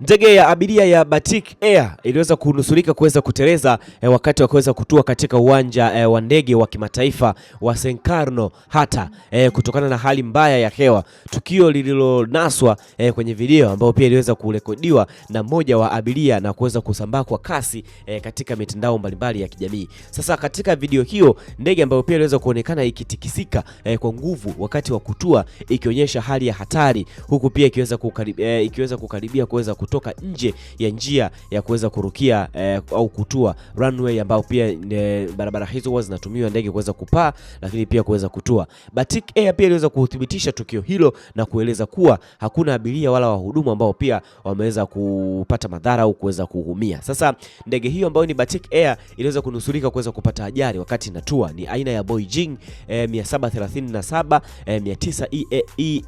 Ndege ya abiria ya Batik Air iliweza kunusurika kuweza kuteleza e, wakati wa kuweza kutua katika uwanja e, wa ndege wa kimataifa wa Senkarno hata e, kutokana na hali mbaya ya hewa, tukio lililonaswa e, kwenye video ambayo pia iliweza kurekodiwa na mmoja wa abiria na kuweza kusambaa kwa kasi e, katika mitandao mbalimbali ya kijamii. Sasa katika video hiyo ndege ambayo pia iliweza kuonekana ikitikisika e, kwa nguvu wakati wa kutua ikionyesha hali ya hatari, huku pia ikiweza kukaribia, e, ikiweza kukaribia kuweza kutua kutoka nje ya njia ya kuweza kurukia eh, au kutua runway, ambao pia eh, barabara hizo huwa zinatumiwa ndege kuweza kupaa lakini pia kuweza kutua. Batik Air pia iliweza kuthibitisha tukio hilo na kueleza kuwa hakuna abiria wala wahudumu ambao pia wameweza kupata madhara au kuweza kuumia. Sasa ndege hiyo ambayo ni Batik Air iliweza kunusurika kuweza kupata ajali wakati inatua, ni aina ya Boeing eh, 737 eh, 900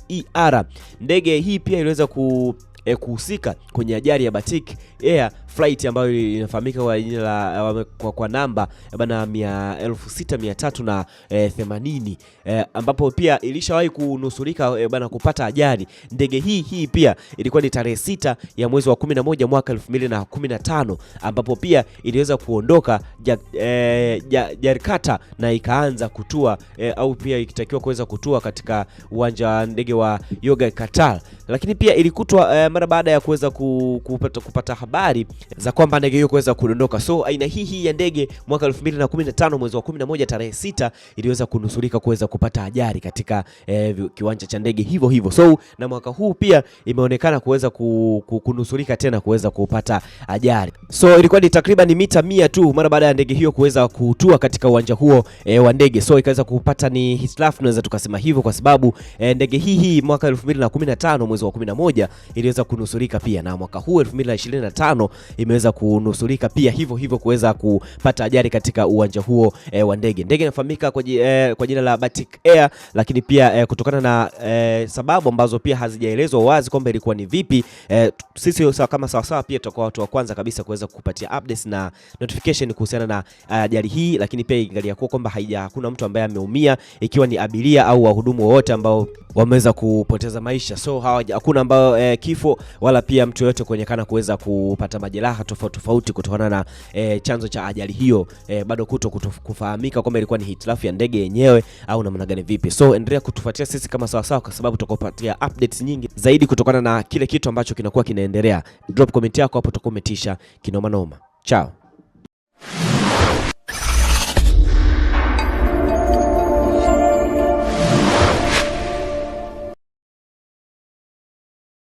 EAR. E e ndege hii pia iliweza ku e, kuhusika kwenye ajali ya Batik Air flight ambayo inafahamika kwa jina la kwa, kwa namba eh, bana 6380 eh, eh, ambapo pia ilishawahi kunusurika eh, bana kupata ajali. Ndege hii hii pia ilikuwa ni tarehe sita ya mwezi wa 11 mwaka 2015 ambapo pia iliweza kuondoka Jakarta eh, ja, na ikaanza kutua eh, au pia ikitakiwa kuweza kutua katika uwanja wa ndege wa Yogyakarta, lakini pia ilikutwa eh, mara baada ya kuweza kupata, kupata habari za kwamba ndege hiyo kuweza kudondoka. So aina hii hii ya ndege mwaka 2015 mwezi wa 11 tarehe 6 iliweza kunusurika kuweza kupata ajali katika eh, kiwanja cha ndege hivyo hivyo. So na mwaka huu pia imeonekana kuweza kunusurika tena kuweza kupata ajali. So ilikuwa ni takriban mita mia tu mara baada ya ndege hiyo kuweza kutua katika uwanja huo eh, wa ndege. So ikaweza kupata ni hitilafu tunaweza tukasema hivyo kwa sababu eh, ndege hii hii mwaka 2015 mwezi wa 11 iliweza kunusurika pia na mwaka huu 2025 imeweza kunusurika pia hivyo hivyo kuweza kupata ajali katika uwanja huo e, wa ndege. Ndege inafahamika kwa, e, kwa jina la Batik Air, lakini pia e, kutokana na e, sababu ambazo pia hazijaelezwa wazi kwamba ilikuwa ni vipi e, sisi kama sawasawa pia tutakuwa watu wa kwanza kabisa kuweza kupatia updates na notification kuhusiana na ajali hii, lakini pia ingalia kuwa kwamba hakuna mtu ambaye ameumia, ikiwa ni abiria au wahudumu wowote ambao wameweza kupoteza maisha, so hakuna ambayo eh, kifo wala pia mtu yoyote kuonekana kuweza kupata majeraha tofauti tofauti kutokana na eh, chanzo cha ajali hiyo eh, bado kuto kufahamika kwamba ilikuwa ni hitilafu ya ndege yenyewe au namna gani vipi. So endelea kutufuatia sisi kama sawasawa, kwa sababu tutakupatia updates nyingi zaidi kutokana na kile kitu ambacho kinakuwa kinaendelea. Drop comment yako hapo, tutakumetisha kinoma noma. Chao.